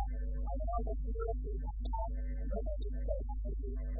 I know that you will be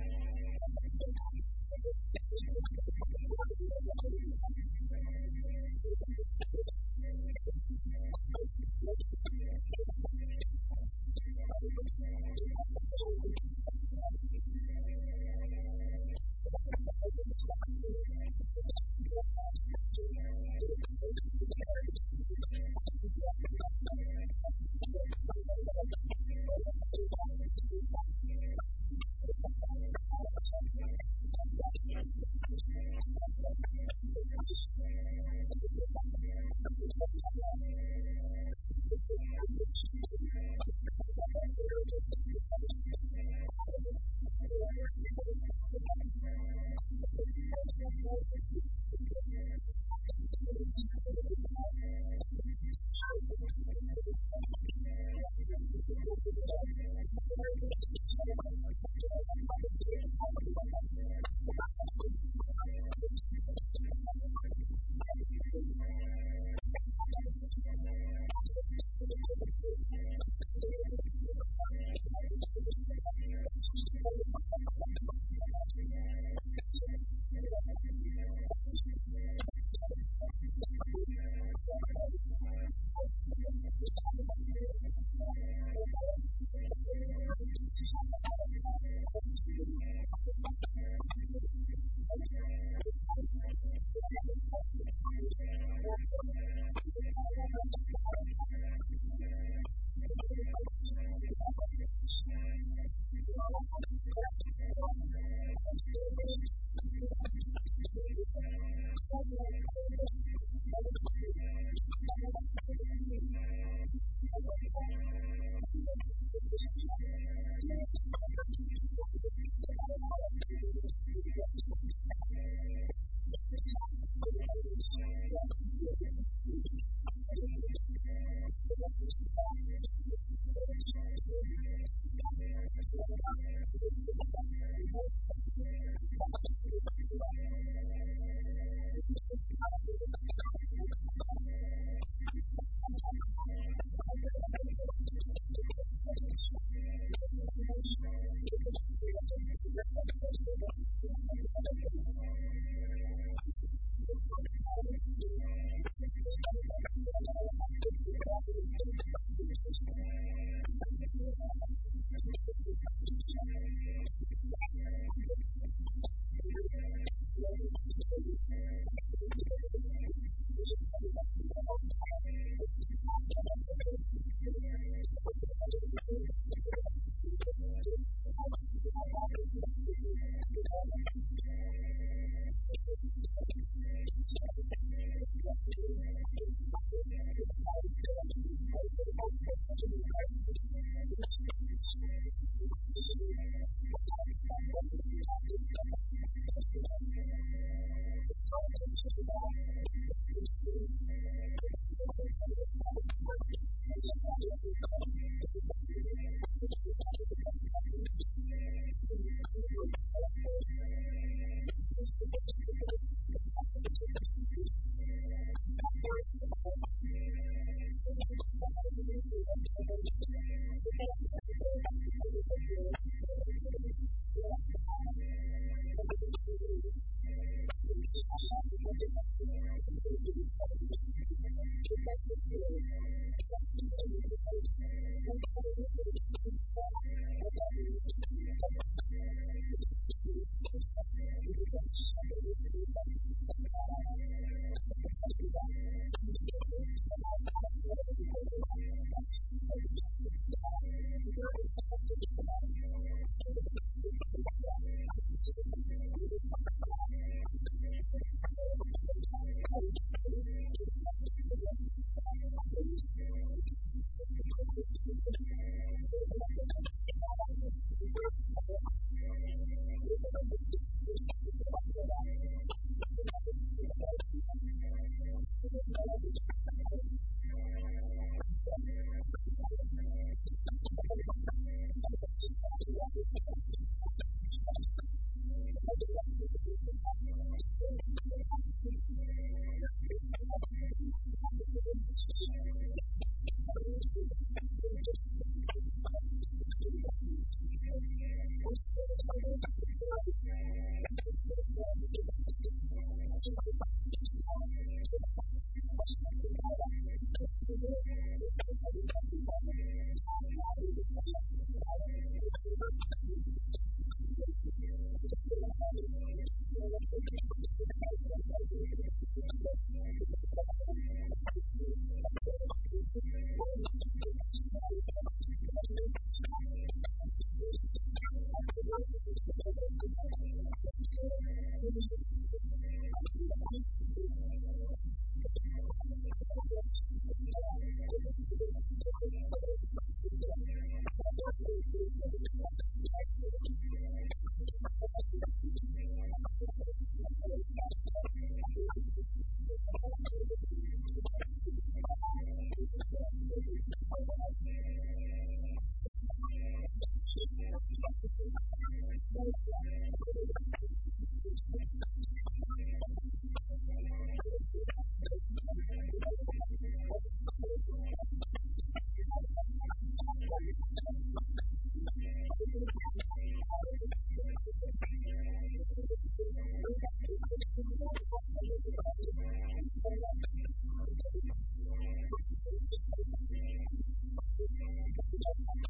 Thank you.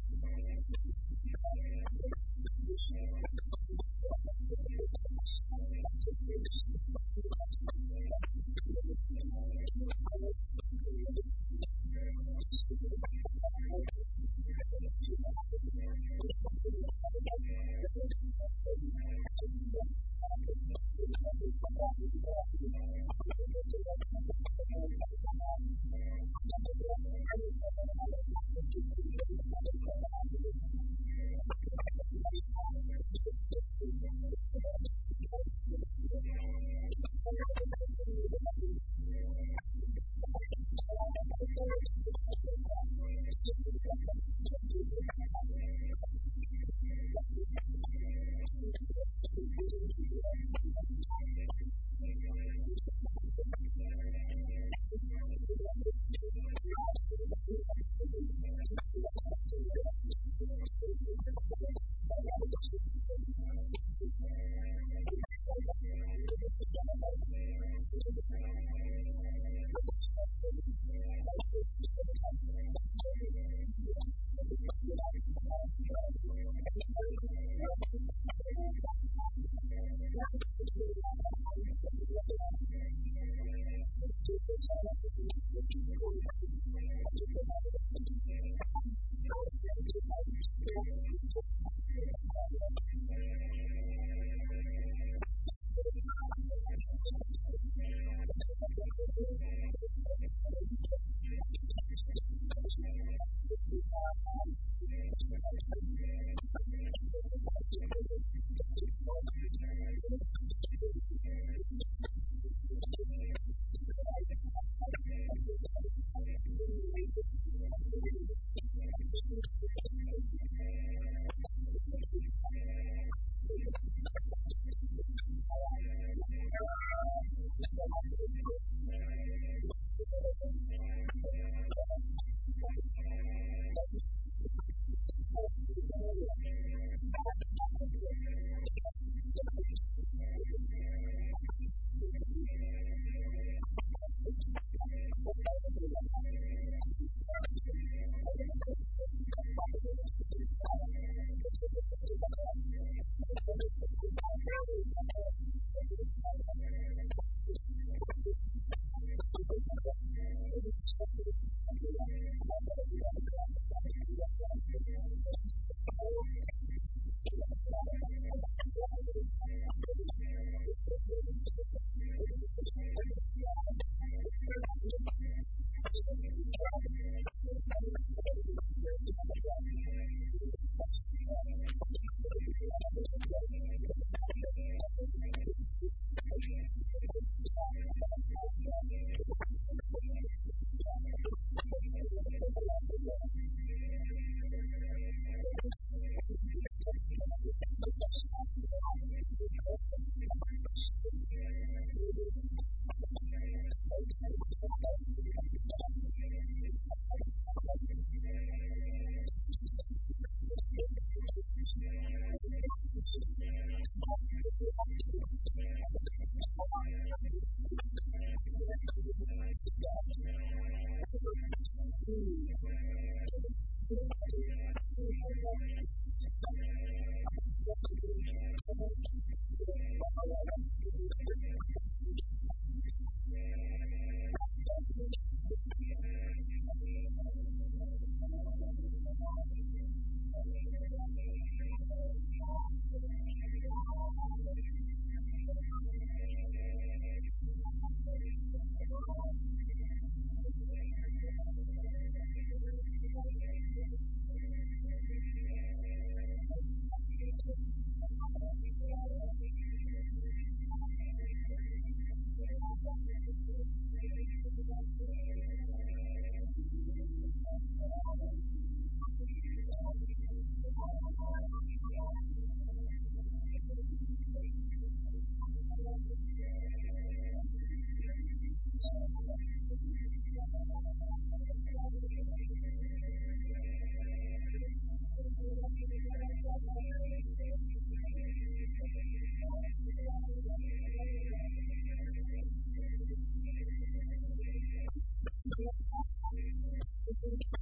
Thank you.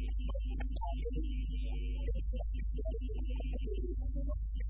I'm going to go to the next slide.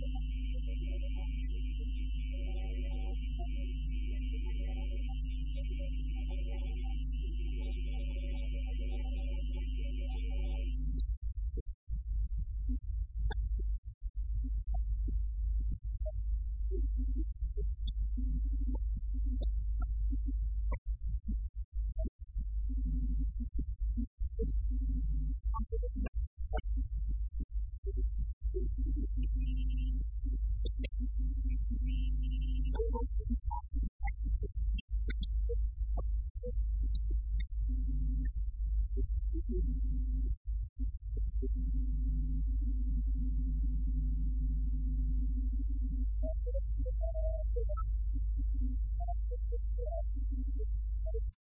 Thank you.